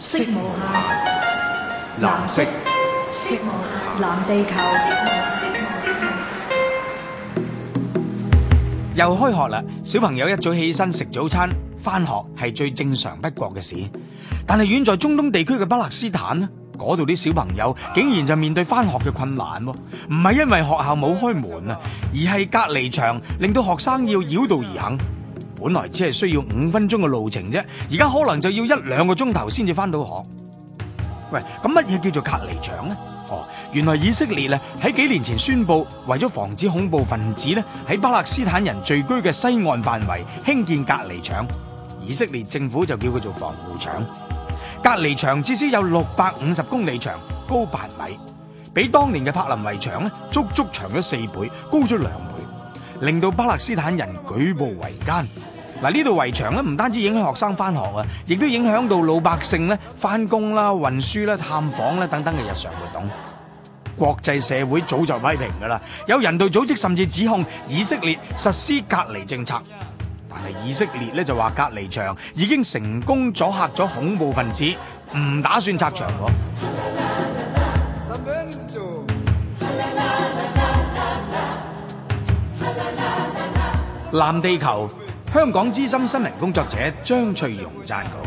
色無限，藍色。色無限，藍地球。又開學啦，小朋友一早起身食早餐，翻學係最正常不過嘅事。但係遠在中東地區嘅巴勒斯坦呢，嗰度啲小朋友竟然就面對翻學嘅困難喎，唔係因為學校冇開門啊，而係隔離牆令到學生要繞道而行。本來只係需要五分鐘嘅路程啫，而家可能就要一兩個鐘頭先至翻到學。喂，咁乜嘢叫做隔離牆呢？哦，原來以色列咧喺幾年前宣佈，為咗防止恐怖分子咧喺巴勒斯坦人聚居嘅西岸範圍興建隔離牆，以色列政府就叫佢做防護牆。隔離牆至少有六百五十公里長，高八米，比當年嘅柏林圍牆咧足足長咗四倍，高咗兩倍。令到巴勒斯坦人舉步維艱，嗱，呢度圍牆咧唔單止影響學生翻學啊，亦都影響到老百姓咧翻工啦、運輸啦、探訪啦等等嘅日常活動。國際社會早就批評噶啦，有人道組織甚至指控以色列實施隔離政策，但係以色列咧就話隔離牆已經成功阻嚇咗恐怖分子，唔打算拆牆喎。藍地球，香港資深新聞工作者張翠容撰稿。